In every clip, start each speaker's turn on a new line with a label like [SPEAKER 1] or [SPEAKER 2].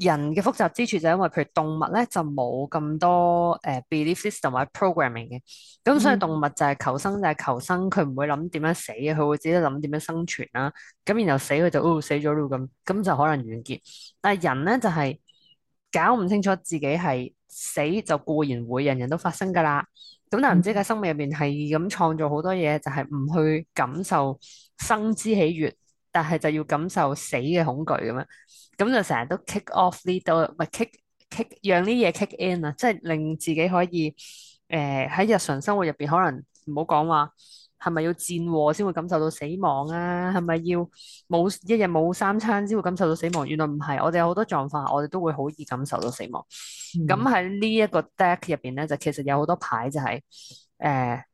[SPEAKER 1] 人嘅複雜之處就係，因為譬如動物咧就冇咁多，誒、呃、belief system 或者 programming 嘅，咁所以動物就係求生就係求生，佢、就、唔、是、會諗點樣死嘅，佢會自己諗點樣生存啦。咁然後死佢就、哦、死咗咁，咁就可能完結。但係人咧就係、是、搞唔清楚自己係死就固然會人人都發生㗎啦。咁但係唔知喺生命入邊係咁創造好多嘢，就係、是、唔去感受生之喜悅。但係就要感受死嘅恐懼咁樣，咁就成日都 kick off 呢度，唔係 kick kick 讓呢嘢 kick in 啊，即係令自己可以誒喺、呃、日常生活入邊可能唔好講話係咪要戰禍先會感受到死亡啊？係咪要冇一日冇三餐先會感受到死亡？原來唔係，我哋有好多狀況，我哋都會好易感受到死亡。咁喺、嗯、呢一個 deck 入邊咧，就其實有好多牌就係、是、誒、呃、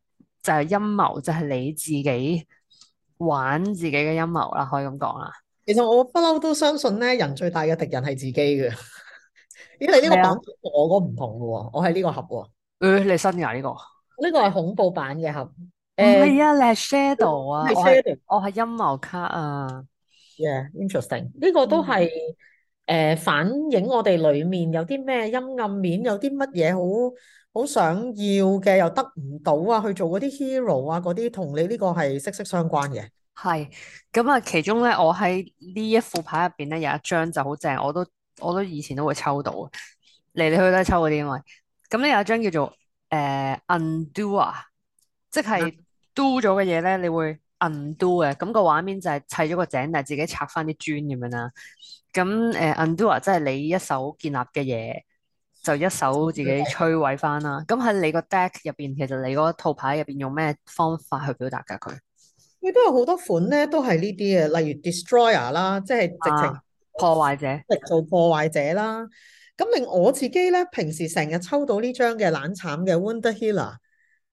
[SPEAKER 1] 就係、是、陰謀，就係、是、你自己。
[SPEAKER 2] 玩自己嘅陰謀啦，可以咁講啦。其實我不嬲都相信咧，人最大嘅敵人係自己嘅。咦，你呢個版我嗰唔同嘅喎，我係呢個盒喎。誒，你新嘅呢個？呢個係恐怖版嘅盒。唔係啊，你係 shadow 啊，shadow 啊我係陰謀卡啊。Yeah，interesting。呢個都係誒、嗯、呃，反映我哋裏面有啲咩陰暗面，有啲乜嘢好。好想要嘅又得唔到啊，去做嗰啲 hero 啊，嗰啲同你呢個係息息相關嘅。係，咁啊，其中咧，我喺呢一副牌入邊咧有一張就好正，我都
[SPEAKER 1] 我都以前都會抽到，嚟嚟去都係抽嗰啲，因為，咁咧有一張叫做誒 undo 啊，呃 Undoer, 即係 do 咗嘅嘢咧，你會 undo 嘅。咁、那個畫面就係砌咗個井，但係自己拆翻啲磚咁樣啦。咁誒 undo 啊，呃 Undoer, 即係你一手建立嘅嘢。就一手自己摧毀翻啦。咁喺你個 deck 入邊，其實你嗰套牌入邊用咩方法去表達嘅佢？
[SPEAKER 2] 亦都有好多款咧，都係呢啲嘅，例如 destroyer 啦，即係直情破壞者，直做、啊、破壞者啦。咁令我自己咧，平時成日抽到呢張嘅冷慘嘅 wonder healer，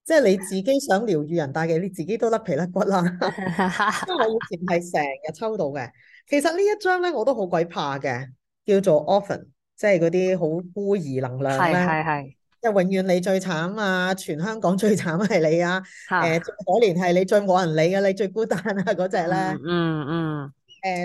[SPEAKER 2] 即係你自己想療愈人帶嘅，你自己都甩皮甩骨啦。 因為我以前係成日抽到嘅。其實呢一張咧，我都好鬼怕嘅，叫做 often。即係嗰啲好孤兒能量咧，即係 永遠你最慘啊，全香港最慘係你啊，誒可憐係你最冇人理啊，你最孤單啊嗰隻咧，嗯嗯，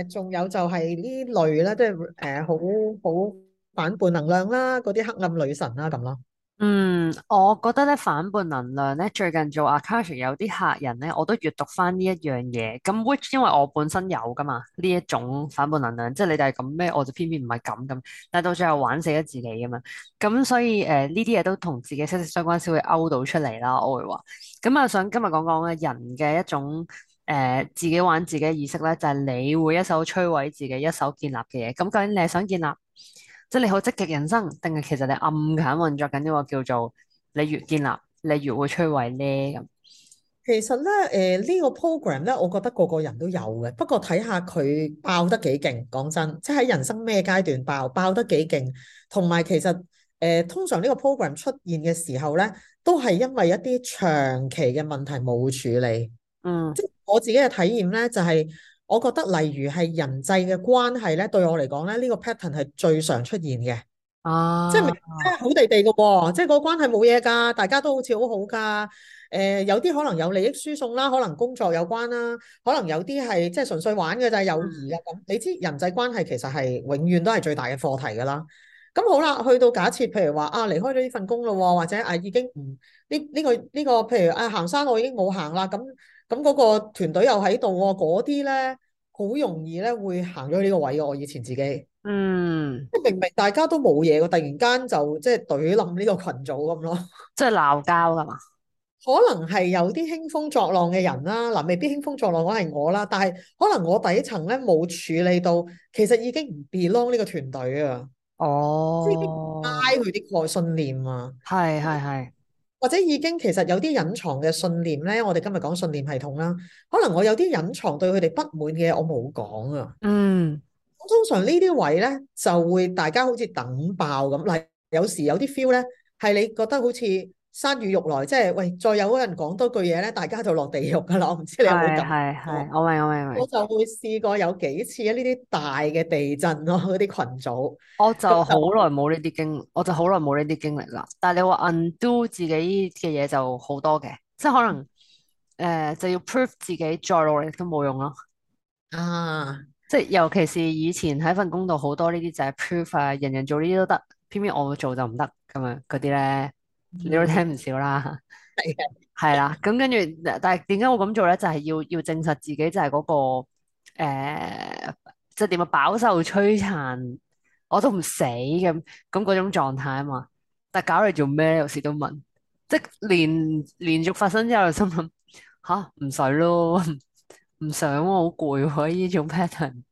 [SPEAKER 2] 誒 仲、 呃、有就係呢類啦，都係誒、呃、好好反叛能量啦，嗰啲黑暗女神啦咁咯。
[SPEAKER 1] 嗯，我覺得咧反叛能量咧，最近做阿卡西有啲客人咧，我都閲讀翻呢一樣嘢。咁 which 因為我本身有噶嘛，呢一種反叛能量，即係你哋係咁咩，我就偏偏唔係咁咁。但到最後玩死咗自己噶嘛，咁所以誒呢啲嘢都同自己息息相關先會勾到出嚟啦。我會話咁啊，我想今日講講嘅人嘅一種誒、呃、自己玩自己嘅意識咧，就係、是、你會一手摧毀自己，一手建立嘅嘢。咁究竟你係想建立？即係你好積極人生，定係其實你暗緊運作緊呢個叫做「你越建立，你越會摧毀呢」。咁。
[SPEAKER 2] 其實咧，誒、呃、呢、這個 program 咧，我覺得個個人都有嘅，不過睇下佢爆得幾勁。講真，即係喺人生咩階段爆，爆得幾勁。同埋其實誒、呃，通常呢個 program 出現嘅時候咧，都係因為一啲長期嘅問題冇處理。嗯，即係我自己嘅體驗咧，就係、係。我覺得例如係人際嘅關係咧，對我嚟講咧，呢、這個 pattern 係最常出現嘅。哦、啊，即係即係好地地嘅喎，即係個關係冇嘢㗎，大家都好似好好㗎。誒、呃，有啲可能有利益輸送啦，可能工作有關啦，可能有啲係即係純粹玩嘅，就係友誼啊。咁你知人際關係其實係永遠都係最大嘅課題㗎啦。咁好啦，去到假設譬如話啊，離開咗呢份工咯，或者啊已經唔呢呢個呢、這個譬如啊行山路已經冇行啦咁。咁嗰個團隊又喺度喎，嗰啲咧好容易咧會行咗呢個位嘅。我以前自己，嗯，即係明明大家都冇嘢，突然間就即係隊冧呢個群組咁咯，即係鬧交㗎嘛？可能係有啲興風作浪嘅人啦，嗱，未必興風作浪，我係我啦，但係可能我底層咧冇處理到，其實已經唔 belong 呢個團隊啊。哦，即係拉佢啲外信念啊。係係係。或者已經其實有啲隱藏嘅信念咧，我哋今日講信念系統啦。可能我有啲隱藏對佢哋不滿嘅嘢，我冇講啊。嗯，通常呢啲位咧就會大家好似等爆咁，例如，有時有啲 feel 咧係你覺得好似。山雨欲來，即係喂，再有人講多句嘢咧，大家就落地獄噶啦！我唔知你有冇咁？係係係，我明我明，我明。我就會試過有幾次呢啲大嘅地震咯，嗰啲群組。
[SPEAKER 1] 我就好耐冇呢啲經歷，我就好耐冇呢啲經歷啦。但係你話 undo 自己嘅嘢就好多嘅，即係可能誒、嗯呃、就要 prove 自己再努力都冇用咯。
[SPEAKER 2] 啊，
[SPEAKER 1] 即係尤其是以前喺份工度好多呢啲就係 prove 啊，人人做呢啲都得，偏偏我做就唔得咁樣嗰啲咧。你都聽唔少啦，係係啦，咁跟住，但係點解我咁做咧？就係、是、要要證實自己就係嗰、那個誒，即係點啊，飽、就是、受摧殘，我都唔死咁咁嗰種狀態啊嘛。但係搞嚟做咩？有時都問，即係連連續發生之後心，心諗吓唔使咯，唔
[SPEAKER 2] 想我好攰呢種 pattern。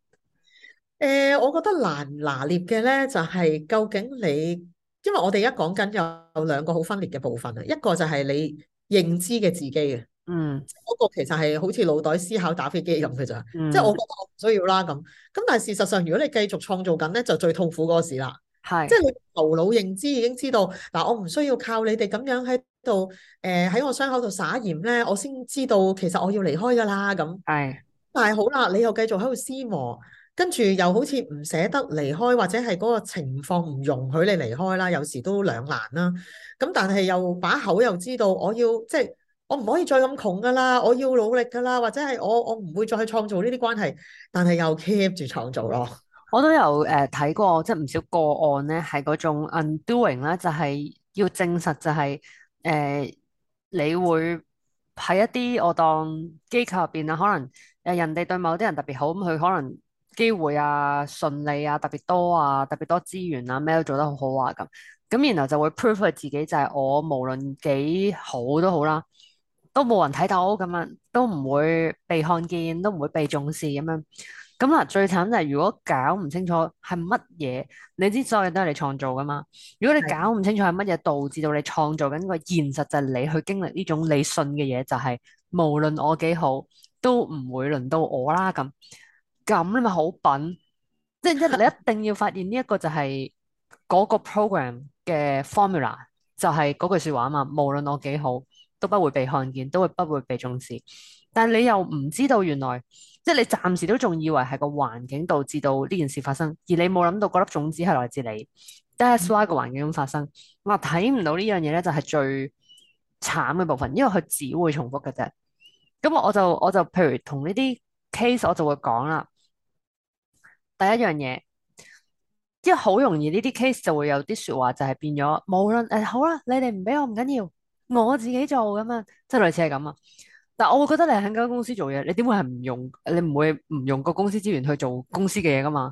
[SPEAKER 2] 誒、呃，我覺得難拿捏嘅咧，就係、是、究竟你。因為我哋一講緊有兩個好分裂嘅部分啊，一個就係你認知嘅自己啊，嗯，即個其實係好似腦袋思考打飛機咁嘅咋。嗯、即係我覺得我唔需要啦咁。咁但係事實上，如果你繼續創造緊咧，就最痛苦嗰個事啦，係是即係你頭腦認知已經知道嗱，我唔需要靠你哋咁樣喺度誒喺我傷口度撒鹽咧，我先知道其實我要離開㗎啦咁。係，是但係好啦，你又繼續喺度思磨。跟住又好似唔捨得離開，或者係嗰個情況唔容許你離開啦。有時都兩難啦。咁但係又把口又知道，我要即係、就是、我唔可以再咁窮㗎啦。我要努力㗎啦，或者係我我唔會再去創造呢啲關係，但係又 keep 住創造咯。我都有誒睇過，即係唔
[SPEAKER 1] 少個案咧，係嗰種 undoing 啦，就係要證實就係、是、誒、呃，你會喺一啲我當機構入邊啊，可能誒人哋對某啲人特別好咁，佢可能，機會啊，順利啊，特別多啊，特別多資源啊，咩都做得好好啊咁，咁然後就會 prove 佢自己就係我，無論幾好都好啦，都冇人睇到咁樣，都唔會被看見，都唔會被重視咁樣。咁嗱，最慘就係如果搞唔清楚係乜嘢，你知所有嘢都係你創造㗎嘛？如果你搞唔清楚係乜嘢導致到你創造緊個現實就係你去經歷呢種你信嘅嘢，就係、是、無論我幾好都唔會輪到我啦咁。咁你咪好品，即係一你一定要發現呢一個就係嗰個 program 嘅 formula，就係嗰句說話啊嘛。無論我幾好，都不會被看見，都會不會被重視。但係你又唔知道原來，即係你暫時都仲以為係個環境導致到呢件事發生，而你冇諗到嗰粒種子係來自你 despite 個環境咁發生，我睇唔到，呢樣嘢咧就係最慘嘅部分，因為佢只會重複嘅啫。咁我我就我就譬如同呢啲 case，我就會講啦。第一樣嘢，即係好容易呢啲 case 就會有啲說話就係變咗，無論誒、呃、好啦，你哋唔俾我唔緊要，我自己做咁樣，即係類似係咁啊。但係我會覺得你喺間公司做嘢，你點會係唔用你唔會唔用個公司資源去做公司嘅嘢噶嘛？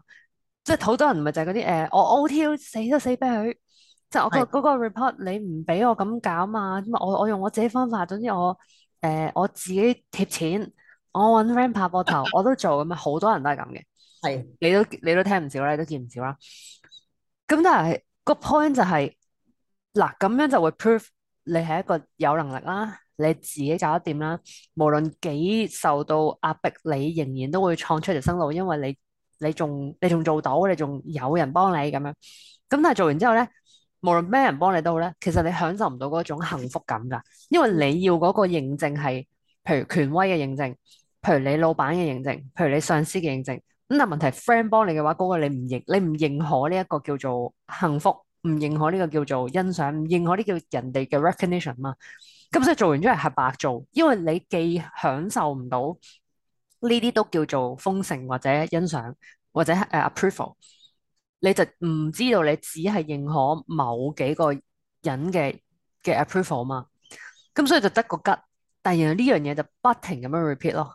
[SPEAKER 1] 即係好多人唔係就係嗰啲誒，我 O T 死都死俾佢」，即係我、嗰個的個 report 你唔俾我咁搞嘛？咁啊我我用我自己方法，總之我誒、呃、我自己貼錢，我搵 friend 爬膊頭我都做咁啊，好多人都係咁嘅。係，你都你都聽唔少啦，你都見唔少啦。咁但係個 point 就係嗱，咁樣就會 prove 你係一個有能力啦，你自己搞得掂啦。無論幾受到壓迫，你仍然都會創出條生路，因為你你仲你仲做到，你仲有人幫你咁樣。咁但係做完之後咧，無論咩人幫你都好咧，其實你享受唔到嗰種幸福感㗎，因為你要嗰個認證係，譬如權威嘅認證，譬如你老闆嘅認證，譬如你上司嘅認證。咁但問題，friend 幫你嘅話，嗰、嗰個你唔認，你唔認可呢一個叫做幸福，唔認可呢個叫做欣賞，唔認可呢叫人哋嘅 recognition 嘛？咁所以做完之後係白做，因為你既享受唔到呢啲都叫做豐盛或者欣賞或者誒 approval，你就唔知道你只係認可某幾個人嘅嘅 approval 嘛？
[SPEAKER 2] 咁所以就得個吉，但然後呢樣嘢就不停咁樣 repeat 咯。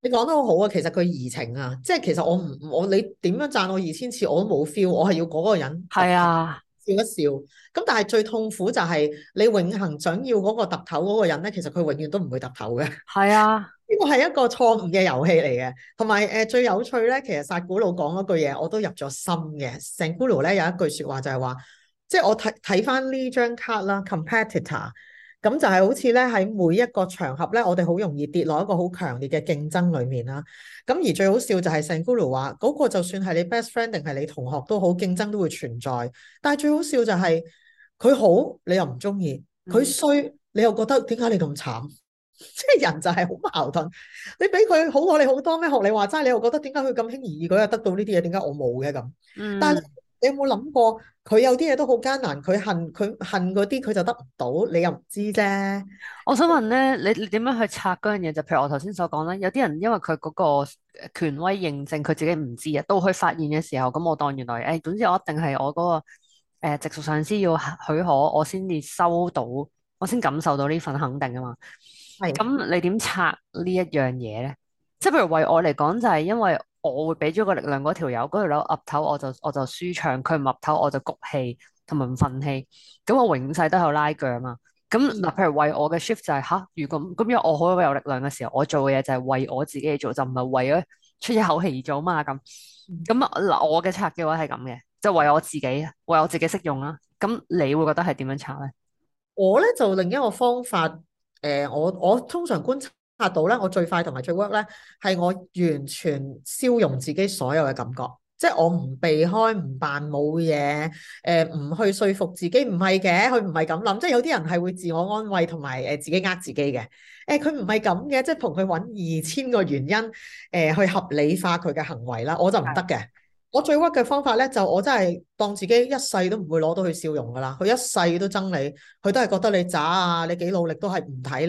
[SPEAKER 2] 你講得好好啊，其實佢移情啊，即係其實我唔我,我你點樣讚我二千次我都冇 feel，我係要嗰個人係是啊笑一笑，咁但係最痛苦就係、是、你永恒想要嗰個揼頭嗰個人咧，其實佢永遠都唔會揼頭嘅。係是啊，呢個係一個錯誤嘅遊戲嚟嘅。同埋誒，最有趣咧，其實薩古魯講嗰句嘢我都入咗心嘅。成古魯咧有一句說話就係話，即係我睇睇返呢張卡啦，competitor。Com 咁就係好似咧，喺每一個場合咧，我哋好容易跌落一個好強烈嘅競爭裏面啦。咁而最好笑就係聖古魯話，嗰個就算係你 best friend 定係你同學都好，競爭都會存在。但係最好笑就係佢好，你又唔中意；佢衰，你又覺得點解你咁慘？即 係人就係好矛盾。你俾佢好過你好多咩？學你話齋，你又覺得點解佢咁輕而易舉又得到呢啲嘢？點解我冇嘅咁？嗯。你有冇諗過佢有啲嘢都好艱難，佢恨佢恨嗰啲佢就得唔到，你又唔知啫。我想問咧，你你點樣去拆嗰樣嘢？就譬如我頭先所講咧，有啲人因為佢嗰個
[SPEAKER 1] 權威認證，佢自己唔知啊，到佢發現嘅時候，咁我當原來誒，總之我一定係我嗰個誒直屬上司要許可，我先至收到，我先感受到呢份肯定啊嘛。係咁的，你點拆呢一樣嘢咧？即係譬如為我嚟講，就係因為。我會俾咗個力量嗰條友，嗰條友岌頭，我就我就舒暢；佢唔岌頭，我就谷氣同埋唔忿氣。咁我永世都有拉鋸啊嘛。咁嗱，譬如為我嘅 shift 就係吓，如果咁樣我好有力量嘅時候，我做嘅嘢就係為我自己做，就唔係為咗出一口氣而做啊嘛。咁咁嗱，我嘅拆嘅話係咁嘅，就為我自己，為我自己適用啦。咁你會覺得係點樣拆咧？
[SPEAKER 2] 我咧就另一個方法，誒，我我通常觀察。達到咧，我最快同埋最 work 咧，係我完全消融自己所有嘅感覺，即係我唔避開、唔扮冇嘢，誒、呃、唔去說服自己唔係嘅，佢唔係咁諗，即係有啲人係會自我安慰同埋誒自己呃自己嘅，誒佢唔係咁嘅，即係同佢搵二千個原因，誒、呃、去合理化佢嘅行為啦，我就唔得嘅。我最屈嘅方法咧，就我真係當自己一世都唔會攞到佢笑容噶啦。佢一世都憎你，佢都係覺得你渣啊，你幾努力都係唔睇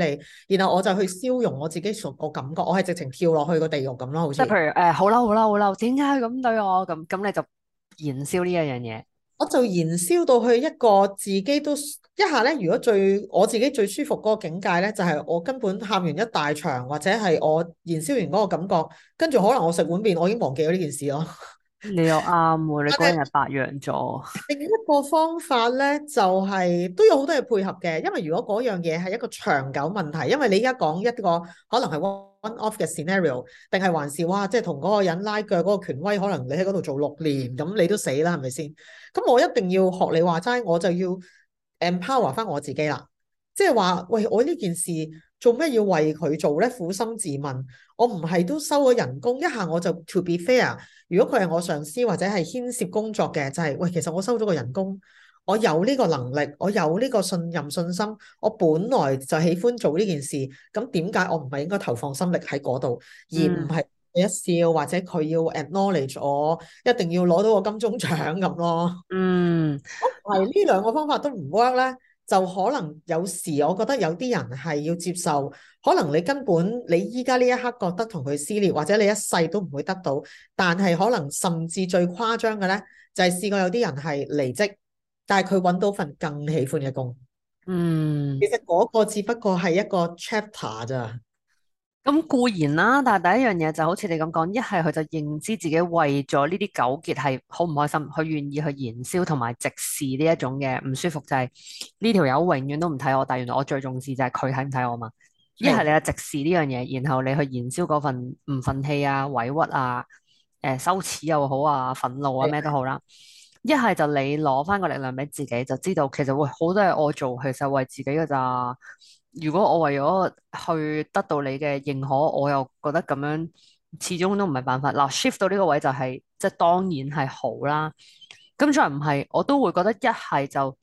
[SPEAKER 2] 你。然後我就去燒融我自己個感覺，我係直情跳落去個地獄咁咯，好似即係譬如誒、欸、好啦，好啦，好啦，點解佢咁對我咁咁？你就燃燒呢一樣嘢，我就燃燒到去一個自己都一下咧。如果最我自己最舒服嗰個境界咧，就係、是、我根本喊完一大場，或者係我燃燒完嗰個感覺，跟住可能我食碗麵，我已經忘記咗呢件事咯。你又啱喎，你嗰日係白羊座。另一個方法咧，就係、是、都要有好多嘢配合嘅，因為如果嗰樣嘢係一個長久問題，因為你而家講一個可能係 one off 嘅 scenario，定係還是哇，即係同嗰個人拉腳嗰個權威，可能你喺嗰度做六年，咁你都死啦，係咪先？咁我一定要學你話齋，我就要 empower 翻我自己啦。即係話，喂，我呢件事做咩要為佢做呢？苦心自問，我唔係都收咗人工，一下我就 to be fair。如果佢係我上司或者係牽涉工作嘅，就係、係、喂，其實我收咗個人工，我有呢個能力，我有呢個信任信心，我本來就喜歡做呢件事，咁點解我唔係應該投放心力喺嗰度，而唔係一笑或者佢要 acknowledge 我，一定要攞到個金鐘獎咁咯？嗯、mm，我、hmm。呢兩個方法都唔 work 咧。就可能有時，我覺得有啲人係要接受，可能你根本你依家呢一刻覺得同佢撕裂，或者你一世都唔會得到。但係可能甚至最誇張嘅呢，就係試過有啲人係離職，但係佢揾到份更喜歡嘅工。嗯，其實嗰個只不過係一個 chapter 咋。咁固然啦，但係第一樣嘢就好似
[SPEAKER 1] 你咁講，一係佢就認知自己為咗呢啲糾結係好唔開心，佢願意去燃燒同埋直視呢一種嘅唔舒服，就係，就係呢條友永遠都唔睇我，但原來我最重視就係佢睇唔睇我嘛。一係你啊直視呢樣嘢，然後你去燃燒嗰份唔忿氣啊、委屈啊、誒、呃、羞恥又好啊、憤怒啊咩都好啦。一係的就你攞翻個力量俾自己，就知道其實會好多嘢我做，其實為自己噶咋。如果我為咗去得到你嘅認可，我又覺得咁樣始終都唔係辦法嗱。Shift、呃、到呢個位就係、是、即係當然係好啦。咁再唔係，我都會覺得一係就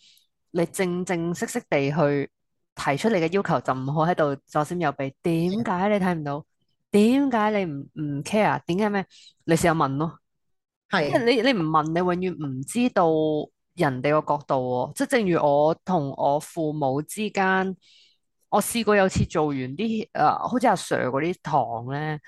[SPEAKER 1] 你正正式式地去提出你嘅要求，就唔好喺度左閃右避。點解你睇唔到？點解你唔唔 care？點解咩？你試下問咯，係的你你唔問，你永遠唔知道人哋個角度、哦。即係正如我同我父母之間。我試過有次做完啲誒、呃，好似阿 Sir 嗰啲堂咧，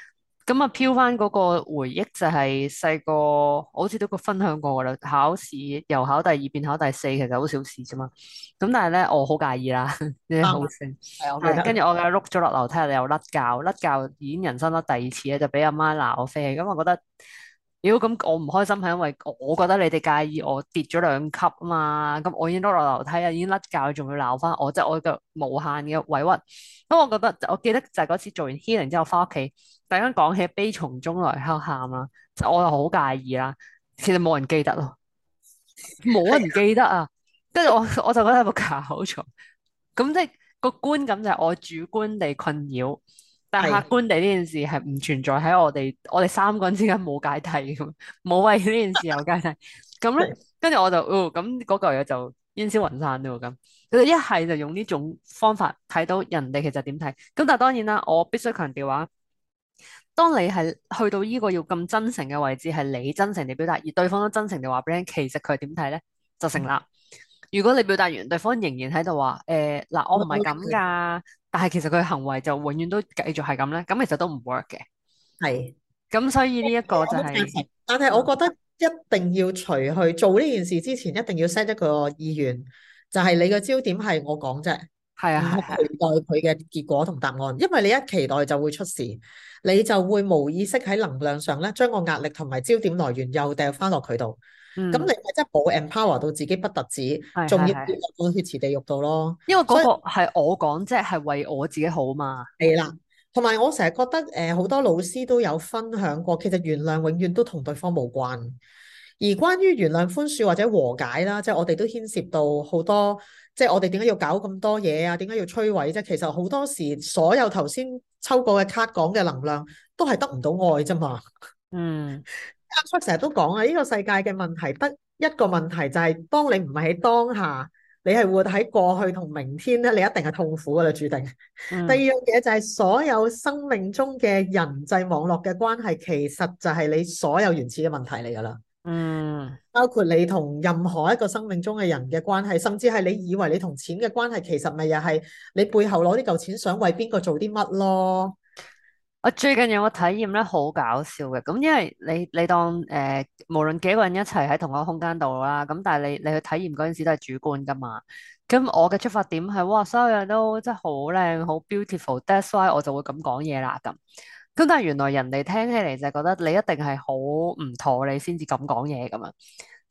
[SPEAKER 1] 咁啊飄返嗰個回憶就係細個，好似都個分享過㗎喇。考試由考第二，變考第四，其實好小事啫嘛。咁但係咧，我好介意啦。啱，係我跟住、嗯、我喺度碌咗落樓梯，又甩教，甩教已經人生得第二次咧，就俾阿媽鬧我飛。咁、嗯、我覺得。如果咁我唔開心係因為我覺得你哋介意我跌咗兩級啊嘛，咁我已經碌落樓梯啊，已經甩臼，仲要鬧翻我，即係我嘅無限嘅委屈。咁我覺得，我記得就係嗰次做完 healing 之後翻屋企，突然間講起悲從中來，喺度喊啦，就我又好介意啦。其實冇人記得咯，冇人記得啊。跟住 我我就覺得有個好重，咁、嗯、即係個觀感就係我主觀地困擾。但客觀地呢件事係唔存在喺我哋，的我哋三個人之間冇芥蒂，冇 為呢件事有芥蒂。咁咧，跟住 我就，咁嗰個嘢就煙消雲散咯。咁，佢哋一係就用呢種方法睇到人哋其實點睇。咁但係當然啦，我必須強調話，當你係去到呢個要咁真誠嘅位置，係你真誠地表達，而對方都真誠地話俾你其實佢點睇咧就成立。嗯、如果你表達完，對方仍然喺度話，誒、呃、嗱，我唔係咁噶。 係，其實佢嘅行為就永遠都繼續係咁咧，咁其實都唔 work 嘅。係是，
[SPEAKER 2] 咁所以呢一個就係、是，但係我覺得一定要除去做呢件事之前，一定要 set 咗佢個意願，就係、是、你嘅焦點係我講啫，係啊，係期待佢嘅結果同答案，啊啊、因為你一期待就會出事，你就會無意識喺能量上咧，將個壓力同埋焦點來源又掉翻落佢度。咁、嗯、你咪真係冇 empower 到自己不特止，仲要跌落血池地獄度咯。因為嗰個係我講，即係為我自己好嘛。係啦，同埋我成日覺得，誒、呃、好多老師都有分享過，其實原諒永遠都同對方無關。而關於原諒寬恕或者和解啦，即係我哋都牽涉到好多，即係我哋點解要搞咁多嘢啊？點解要摧毀啫？其實好多時，所有頭先抽過嘅卡講嘅能量，都係得唔到愛啫嘛。嗯。阿叔成日都講啊，呢、這個世界嘅問題得一個問題就係、是，當你唔係喺當下，你係活喺過去同明天咧，你一定係痛苦嘅啦，注定。嗯、第二樣嘢就係、是，所有生命中嘅人際網絡嘅關係，其實就係你所有原始嘅問題嚟噶啦。嗯。包括你同任何一個生命中嘅人嘅關係，甚至係你以為你同錢嘅關係，其實咪又係你背後攞啲嚿錢，想為邊個做啲乜咯？我最近有個體驗咧，好搞
[SPEAKER 1] 笑嘅。咁因為你你當誒、呃，無論幾個人一齊喺同一個空間度啦，咁但係你你去體驗嗰陣時都係主觀噶嘛。咁我嘅出發點係，哇，所有人都真係好靚，好 beautiful。That’s why 我就會咁講嘢啦。咁，咁但係原來人哋聽起嚟就係覺得你一定係好唔妥，你先至咁講嘢噶嘛。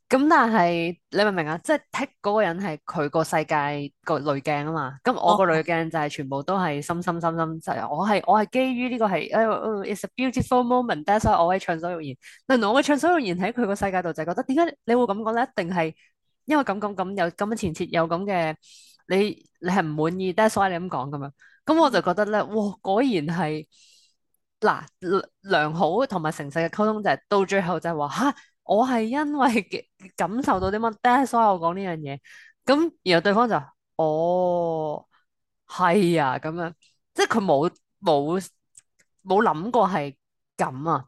[SPEAKER 1] 咁但係你明唔明啊？即係踢嗰個人係佢個世界個濾鏡啊嘛，咁我個濾鏡就係全部都係深深深深。就是、我係我係基於呢個係，哎 it's a beautiful moment，所以我可以暢所欲言。原來我嘅暢所欲言喺佢個世界度就係覺得點解你會咁講咧？一定係因為咁咁咁有咁嘅前設，有，有咁嘅你你係唔滿意，that's why 你咁講咁樣。咁我就覺得咧，哇，果然係嗱良好同埋誠實嘅溝通就係、是、到最後就係話嚇。我係因為嘅感受到啲乜，所以我講呢樣嘢。咁，然後對方就哦，係啊，咁樣，即係佢冇冇冇諗過係咁啊。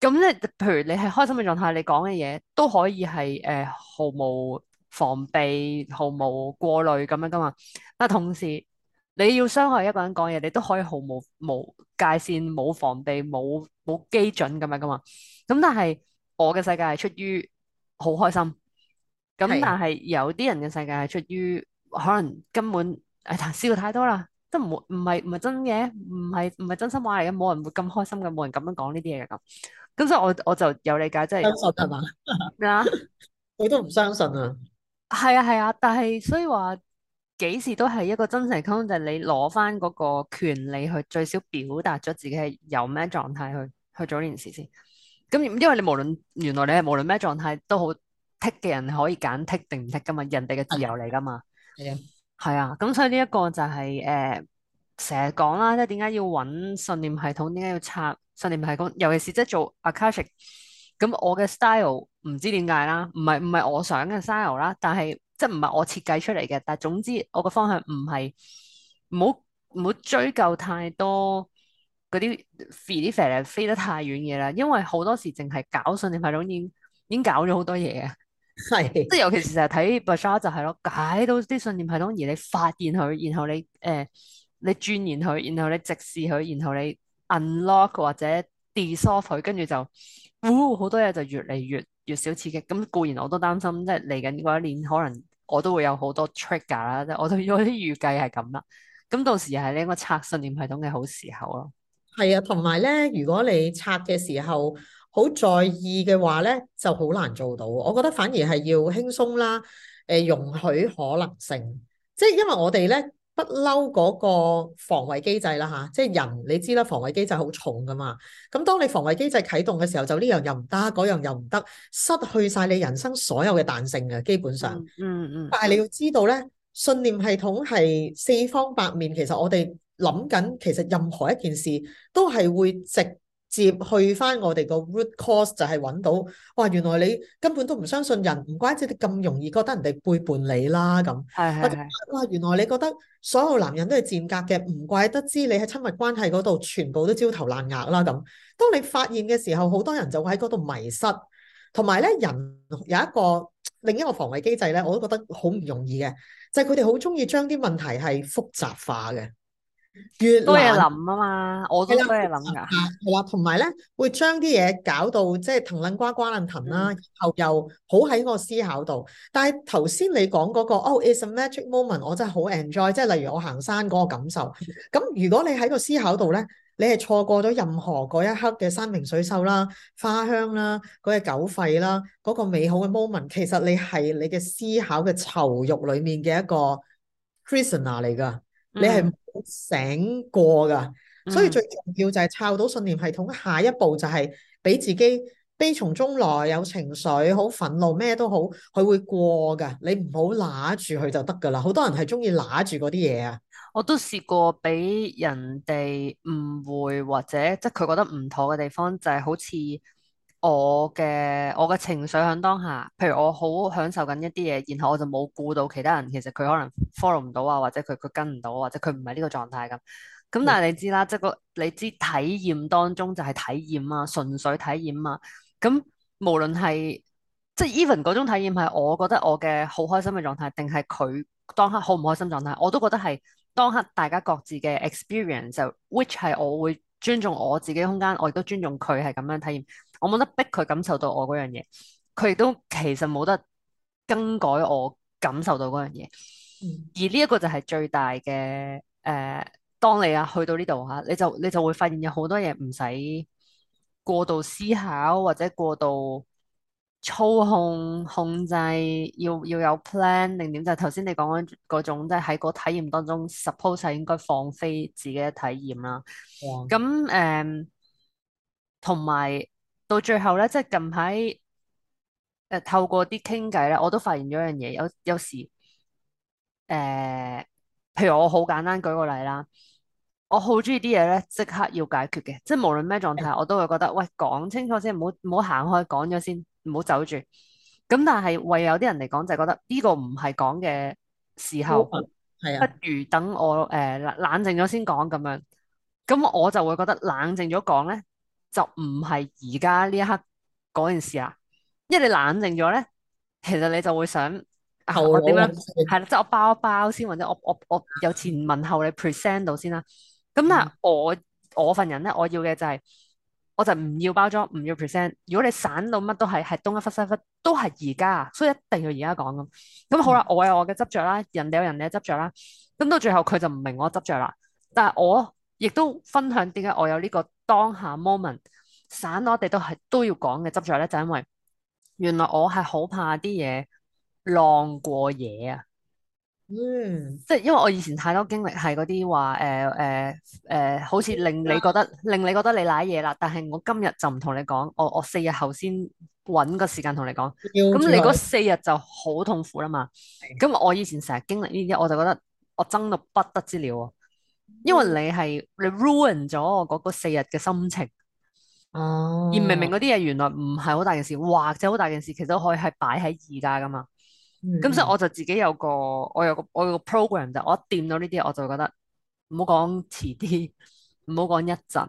[SPEAKER 1] 咁即係，譬如你係開心嘅狀態，你講嘅嘢都可以係誒、呃，毫無防備、毫無過濾咁樣噶嘛。但同時你要傷害一個人講嘢，你都可以毫無冇界線、冇防備、冇冇基準咁樣噶嘛。咁但係。但我嘅世界係出於好開心，咁但係有啲人嘅世界係出於的可能根本誒、哎、笑太多啦，即係唔唔係唔係真嘅，唔係唔係真心話嚟嘅，冇人會咁開心嘅，冇人咁樣講呢啲嘢嘅咁。咁所以我我就有理解，即、就、係、是、相信嘛，
[SPEAKER 2] 我都唔相
[SPEAKER 1] 信啊。係啊係啊，但係所以話幾時都係一個真實溝通，就係、是、你攞翻嗰個權利去最少表達咗自己係有咩狀態去去做呢件事先。咁因為你無論原來你係無論咩狀態都好，剔嘅人可以揀剔定唔剔噶嘛，人哋嘅自由嚟噶嘛。係啊、uh, yeah.，係啊，咁所以呢一個就係、是、誒，成日講啦，即係點解要揾信念系統，點解要拆信念系統，尤其是即係做阿卡西。咁我嘅 style 唔知點解啦，唔係唔係我想嘅 style 啦，但係即係唔係我設計出嚟嘅，但係總之我個方向唔係唔好唔好追究太多。嗰啲飛啲肥，嚟飛得太遠嘅啦，因為好多時淨係搞信念系統已經已經搞咗好多嘢啊，係即係尤其是就係睇 Bashar 就係咯，解到啲信念系統而你發現佢，然後你誒、呃、你轉燃佢，然後你直視佢，然後你 unlock 或者 dissolve 佢，跟住就，呼、呃、好多嘢就越嚟越越少刺激，咁固然我都擔心，即係嚟緊嗰一年可能我都會有好多 trigger 啦，即係我對嗰啲預計係咁啦，
[SPEAKER 2] 咁到時係你應該拆信念系統嘅好時候咯。係啊，同埋咧，如果你拆嘅時候好在意嘅話咧，就好難做到。我覺得反而係要輕鬆啦，誒、呃，容許可能性。即係因為我哋咧不嬲嗰個防衛機制啦吓、啊，即係人你知啦，防衛機制好重噶嘛。咁當你防衛機制啟動嘅時候，就呢樣又唔得，嗰樣又唔得，失去晒你人生所有嘅彈性嘅、啊，基本上。嗯嗯。但係你要知道咧，信念系統係四方八面，其實我哋。諗緊，其實任何一件事都係會直接去翻我哋個 root cause，就係揾到哇！原來你根本都唔相信人，唔怪之得咁容易覺得人哋背叛你啦咁。係係哇！是是是，原來你覺得所有男人都係賤格嘅，唔怪得知你喺親密關係嗰度全部都焦頭爛額啦咁。當你發現嘅時候，好多人就會喺嗰度迷失。同埋咧，人有一個另一個防衞機制咧，我都覺得好唔容易嘅，就係佢哋好中意將啲問題係複雜化嘅。越多嘢諗
[SPEAKER 1] 啊嘛，我都係諗
[SPEAKER 2] 噶，係啦、嗯，同埋咧會將啲嘢搞到即係藤捻瓜瓜捻藤啦，嗯、然後又好喺個思考度。但係頭先你講嗰、那個哦、oh,，is a magic moment，我真係好 enjoy，即係例如我行山嗰個感受。咁如果你喺個思考度咧，你係錯過咗任何嗰一刻嘅山明水秀啦、花香啦、嗰、那、隻、個、狗吠啦、嗰、那個美好嘅 moment，其實你係你嘅思考嘅囚獄裏面嘅一個 prisoner 嚟噶，嗯、你係。醒過噶，所以最重要就係抄到信念系統。下一步就係俾自己悲從中來，有情緒，好憤怒，咩都好，佢會過噶。你唔好揦住佢就得噶啦。好多人係中意揦住嗰啲嘢啊。我都
[SPEAKER 1] 試過俾人哋誤會或者即係佢覺得唔妥嘅地方就，就係好似。我嘅我嘅情緒喺當下，譬如我好享受緊一啲嘢，然後我就冇顧到其他人，其實佢可能 follow 唔到啊，或者佢佢跟唔到，或者佢唔係呢個狀態咁。咁但係你知啦，嗯、即係個你知體驗當中就係體驗啊，純粹體驗啊嘛。咁無論係即係 even 嗰種體驗係我覺得我嘅好開心嘅狀態，定係佢當刻好唔開心狀態，我都覺得係當刻大家各自嘅 experience 就 which 係我會尊重我自己空間，我亦都尊重佢係咁樣體驗。我冇得逼佢感受到我嗰樣嘢，佢亦都其實冇得更改我感受到嗰樣嘢。而呢一個就係最大嘅誒、呃，當你啊去到呢度吓，你就你就會發現有好多嘢唔使過度思考或者過度操控控制，要要有 plan 定點就係頭先你講嗰種，即係喺個體驗當中 suppose 係應該放飛自己嘅體驗啦。咁誒、哦，同埋。Um, 到最後咧，即係近排誒、呃、透過啲傾偈咧，我都發現咗一樣嘢。有有時誒、呃，譬如我好簡單舉個例啦，我好中意啲嘢咧，即刻要解決嘅。即係無論咩狀態，的我都會覺得喂，講清楚先，唔好唔好行開講咗先，唔好走住。咁但係唯有啲人嚟講，就覺得呢、呢個唔係講嘅時候，係啊的，不如等我誒、呃、冷靜咗先講咁樣。咁我就會覺得冷靜咗講咧。就唔係而家呢一刻嗰件事啦，因為你冷靜咗咧，其實你就會想，oh, 啊、我點樣係啦，即係、oh, oh. 就是、我包一包先，或者我我我有前文後理你 present 到先啦。咁但係我我份人咧，我要嘅就係、是，我就唔要包裝，唔要 present。如果你散到乜都係，係東一忽西忽，都係而家啊，所以一定要而家講咁。咁好啦，我有我嘅執着啦，人哋有人哋嘅執着啦。咁到最後佢就唔明我執着啦，但係我亦都分享點解我有呢、呢個。當下 moment，散我哋都係都要講嘅執着咧，就係因為原來我係好怕啲嘢浪過夜啊，嗯，即係因為我以前太多經歷係嗰啲話誒誒誒，好似令你覺得令你覺得你瀨嘢啦，但係我今日就唔同你講，我我四日後先揾個時間同你講，咁你嗰四日就好痛苦啦嘛，咁我以前成日經歷呢啲，我就覺得我憎到不得之了。因為你係你 ruin 咗我嗰個四日嘅心情，哦，而明明嗰啲嘢原來唔係好大件事，或者好大件事其實都可以係擺喺而家噶嘛，咁、嗯、所以我就自己有個我有個我有個 program 就我掂到呢啲，我就覺得
[SPEAKER 2] 唔好講遲啲，唔好講一陣，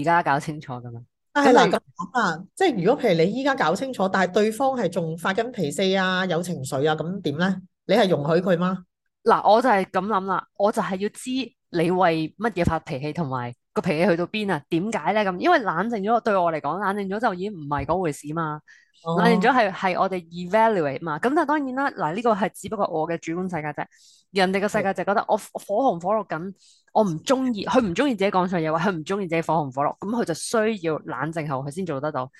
[SPEAKER 2] 而家搞清楚噶嘛。但係嗱咁講啦，即係如果譬如你依家搞清楚，但係對方係仲發緊脾氣啊，有情緒啊，咁點咧？你係容許佢嗎？嗱，我就係咁諗啦，我就係
[SPEAKER 1] 要知你為乜嘢發脾氣，同埋個脾氣去到邊啊？點解咧咁？因為冷靜咗，對我嚟講，冷靜咗就已經唔係嗰回事嘛。哦、冷靜咗係係我哋 evaluate 嘛。咁但係當然啦，嗱呢個係只不過我嘅主觀世界啫。人哋嘅世界就覺得我火紅火綠咁，是我唔中意，佢唔中意自己講錯嘢話，佢唔中意自己火紅火綠，咁佢就需要冷靜後佢先做得到。咁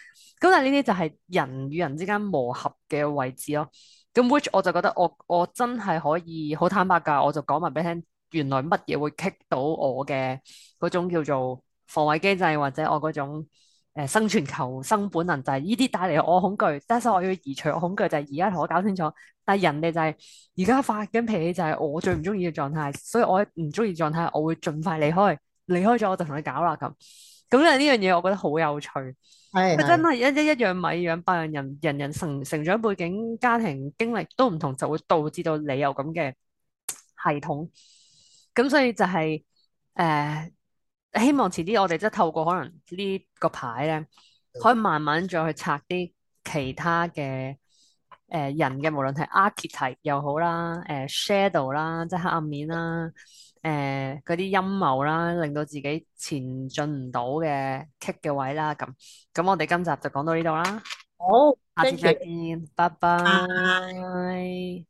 [SPEAKER 1] 但係呢啲就係人與人之間磨合嘅位置咯。咁，which 我就覺得我我真係可以好坦白噶，我就講埋俾你聽，原來乜嘢會棘到我嘅嗰種叫做防衛機制，或者我嗰種誒生存求生本能就係呢啲帶嚟我恐懼，但係我要移除我恐懼就係而家同我搞清楚，但係人哋就係而家發緊脾氣就係我最唔中意嘅狀態，所以我喺唔中意狀態，我會盡快離開，離開咗我就同你搞啦咁。咁咧呢樣嘢我覺得好有趣，係的真係一的一一樣米養百樣人，人人成成長背景、家庭經歷都唔同，就會導致到你有咁嘅系統。咁所以就係、是、誒、呃，希望遲啲我哋即係透過可能呢個牌咧，的可以慢慢再去拆啲其他嘅誒、呃、人嘅，無論係 archetype 又好啦，誒、呃、shadow 啦，即係黑暗面啦。的誒，嗰啲陰謀啦，令到自己前進唔到嘅棘嘅位啦，咁，咁我哋今集就講到呢度啦。好，oh, thank you. 下次再見，拜拜。